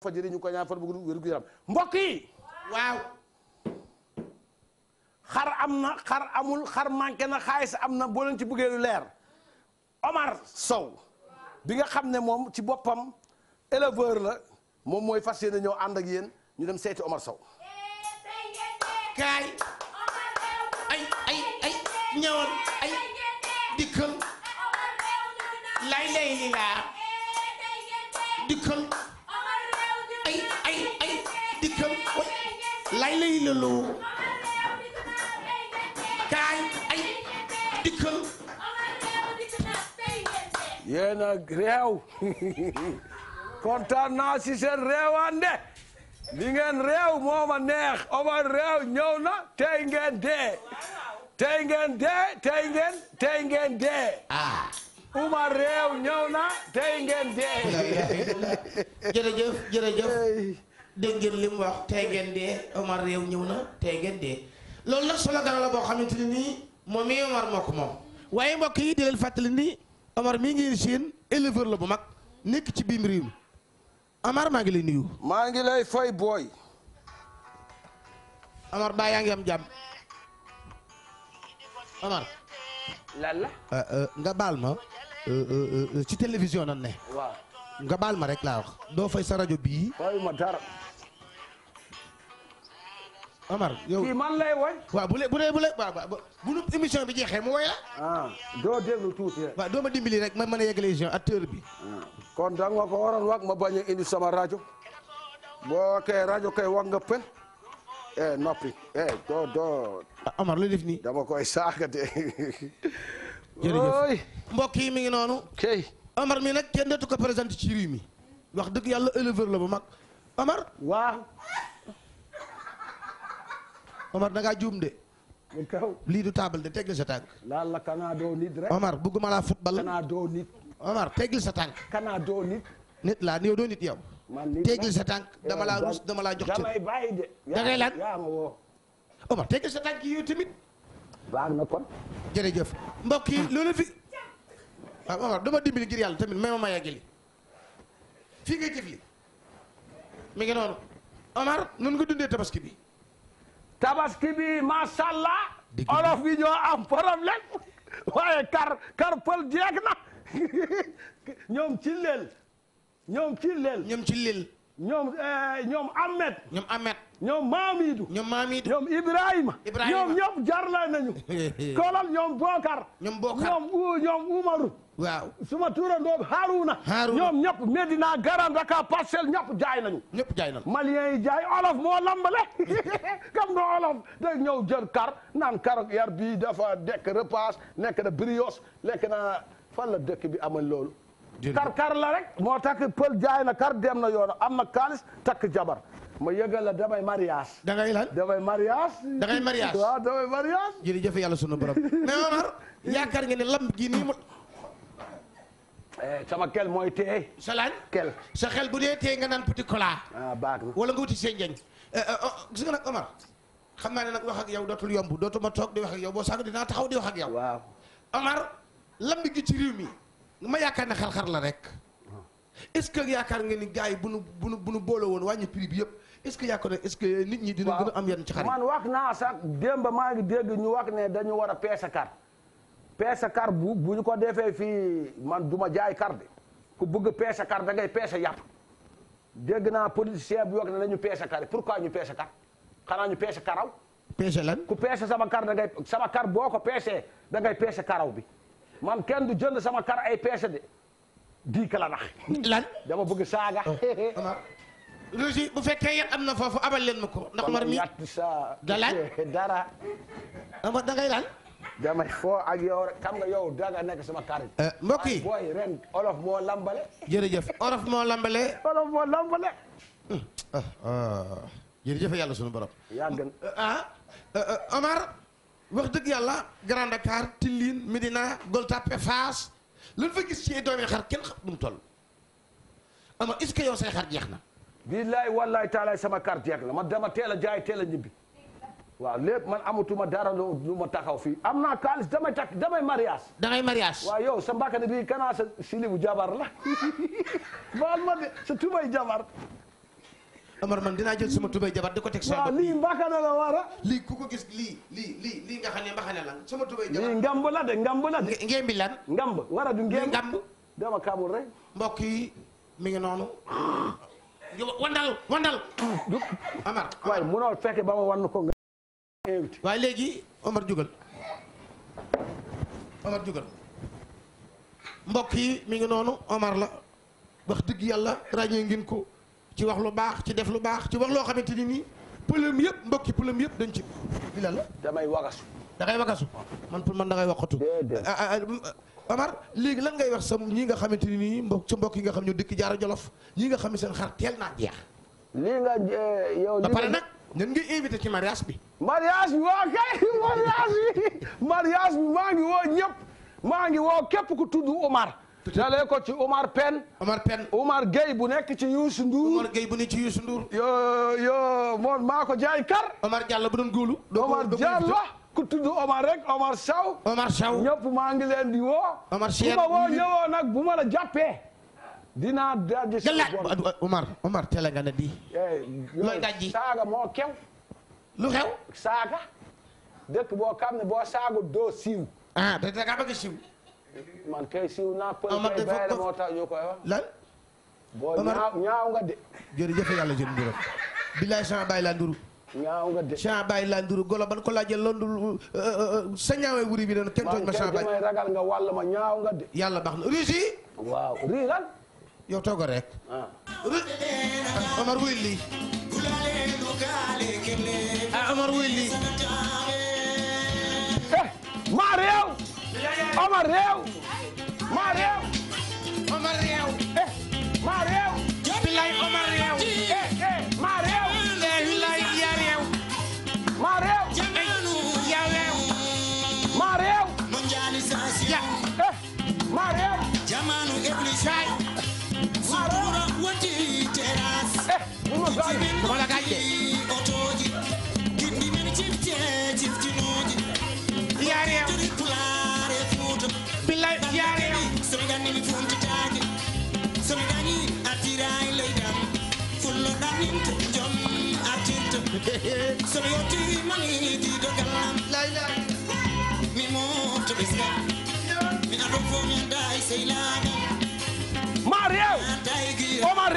fa jëriñu ko ñaan fan bu gudd wér gu waaw xar am na xar amul xar manqué na xaalis am na boo leen ci bëggee lu leer Omar Sow bi nga xam ne moom ci boppam éleveur la moom mooy fas yéene ñëw ànd ak yéen ñu dem seeti Omar Sow kaay ay ay ñëwal ay dikkal lay lay laa dikkal lay lëloo kaay ay dikkal yéen a kontaan naa si seen réewande li ngeen neex Omar réew ñëw na tey ngeen dee tey ngeen dee tey ngeen tey ngeen dee ah. Omar réew ñëw na tey ngeen dee jërëjëf jërëjëf dégg ngeen li mu wax tey ngeen dee Omar réew ñëw na tey ngeen dee loolu nag slogan la boo xamante ne nii moom mii Omar moo moom waaye mbokk yi di fàttali nii Omar mii ngi Chine éleveur la bu mag nekk ci biim réew Omar maa ngi lay nuyu. maa ngi lay fay booy. Omar baa yaa ngi am jàmm Omar. lan euh, euh, nga baal ma euh, ci télévision nan ne. nga baal ma rek laa wax doo fay sa rajo bii. fayuma Amar yow kii man lay woy. waaw bu lee bu dee bu lee waaw waaw bu nu émission bi jeexee mu woy la. ah doo déglu tuuti rek. waaw doo ma dimbali rek ma mën a yegale émission acteur bi. Ah, kon da nga ko waroon wax ma bañ a indi sama rajo boo kay rajo kay wax nga pen eh noppi eh doo doo. Amar ah, lu def nii. dama koy saaga de. jërëjëf mbokk yi mi ngi noonu. kay Amar mi nag kenn dootu ko présenté ci réew mi wax dëgg yàlla éleveur la bu mag Amar. waaw. Omar da juum de. lii du taabal de teggil sa tànk. laal la kanaa doo Omar bëgguma laa football. Omar teggil sa tànk. kanaa doo nit. nit laa yow doo nit yow. teggil sa tànk dama laa rus dama laa jox ci. damay bàyyi de. da ngay sa tànk yow tamit. baax na kon. loolu fi. waaw ah, Omar dama dimbali ngir yàlla tamit may ma ma yàggali. fii ngay jëf li mi ngi noonu Omar nun nga dundee tabaski bi. tabaski bi macha allah. olof yi ñoo am problème waaye kar kar pël jeeg na ñoom ci leel ñoom ci leel ñoom ci leel ñoom eh, ñoom Ahmed. ñoom Ahmed. ñoom Maamidou. ñoom Maamidou ñoom ñoom ñëpp jarle nañu. kolal ñoom Bokar. ñoom Umaru. waaw ma suma tuurandoo Haruna. Haruna ñoom ñëpp Medina Garan Dakar parcelle ñëpp jaay nañu. ñëpp jaay nañu Malien yi jaay olof moo lambale. kam nga olof day ñëw jël kar naan kar yar bii dafa dekk repas nekk na brioche lekk na fan la dëkk bi amal loolu. kar kar la rek moo takk pël jaay na kar dem na yoon am na kaalis takk jabar ma yëgal la damay mariage da ngay lan damay mariage da ngay mariage waaw damay mariage jërëjëf yàlla sunu borom ne lamb gi Eh, sama kel mooy teey sa lan kel sa xel bu dee teey nga naan petit kolaa ah, baax wala nga wuti seen njeñ eh, eh, oh, gis nga nag Omar xam naa ne nag wax ak yow dootul yomb dootuma toog di wax ak yow boo saako naa taxaw di wax ak yow waaw Omar lamb gi ci réew mi ma yaakaar ne xar-xar la rek ah. est-ce yaakaar nga ni gars bu nu bu nu bu nu boole woon wàññi prix bi yëpp est-ce que yaakaar ne est-ce que nit ñi dina gën a am yenn ci xarit man wax naa sax démb maa ngi dégg ñu wax ne dañu war a peese carte peese kar bu bu ñu ko defee fii man du ma jaay kar de ku bëgg peese kar da ngay peese yàpp dégg naa politicien bi wax ne nañu peese kar pourquoi ñu peese kar xanaa ñu peese karaw. peese lan ku peese sama kar sama kar boo ko peesee da ngay peese karaw bi man kenn du jënd sama kar ay peese de di kala lan dama bugg saaga. Luzi oh, bu fekkee yat am na foofu abal leen ma ko. ndax Omar mi da sa dara. da ngay laal. damay foo ak yow rek xam nga yow daa nekk sama xarit. Eh, mbokk yi booy ren olof moo lambale. jërëjëf olof moo lambale. olof moo jëf hmm. ah, ah. jërëjëf yàlla sunu borom. yaa ah, Omar. wax dëgg yàlla Grand Dakar Tilline Medina Gueule Tapée Fass lan fa gis ci doomi xar kenn xam nu mu toll. ama est say xar jeex na. billaay wallaay taalaay sama xar jeex na ma dama teel a jaay teel a ñibbi. waaw lépp man amatuma dara lu ma taxaw fii am naa kaalis damay takk damay mariage. waaw yow sa mbàkk bi kanaa sa silibu jabar la baal ma de sa tubay jabar. dinaa jël suma tubay jabar ko teg. waaw lii gis lii lii lii lii nga xam ne ngamb la de ngamb la de. ngembi lan. ngamb wara du ngemb. ngamb dama kaamul rek. mbokk yi mi ngi noonu. wandal wandal. Amar waaye munoo fekke ba ma wan ko. teewut waaye léegi Omar jugal Omar jugal mbokk yi mi ngi noonu Omar la wax dëgg yàlla ràññee ngeen ko ci wax lu baax ci def lu baax ci wax loo xamante ni nii problème yëpp mbokk yi problème yëpp dañ ci li la la damay wagasu da ngay man pour man da ngay waxatu ah, ah, ah, Omar léegi lan ngay wax sa ñi nga xamante ni nii mbokk sa mbokk yi nga xam ñu dëkk jaara jolof ñi nga xam ne seen xar teel naa jeex lii nga eh, yow ba pare nag ñan nga invité ci mariage bi mariage bi waa kay mariage bi mariage maa ngi woo ñëpp maa ngi woo képp ku tudd Omar. dalee ko ci Omar Pène. Omar Pène bu nekk ci Youssou Ndour. ci Youssou yoo yoo moom maa ko jaay kar. Omar Diallo bu doon góolu. Omar Diallo ku tudd rek Omar Sow. Omar Sow ñëpp maa ngi leen di woo. Omar Cheikh bu ma woo ñëwoo nag bu ma la jàppee. dinaa a nga di. Eh, looy saaga moo kew. lu xew saaga dëkk boo xam ne boo saagu doo siiw ah da dangaa bëgg siiw man kay siiw naa pël ah, kay bay la moo tax ñu laa nduru euh, euh, euh, sa ñaawee wuri bi doon kenn tooñ ma sama bàyyi ragal nga wàll ma ñaaw nga de yàlla baax na rusi waaw riiral yow toogal rek ah. Amar eh, Omar réew. maa réew. Omar réew. Eh, maa réew. mutu Islam Mina rofo nyanda isilami Mariam Omar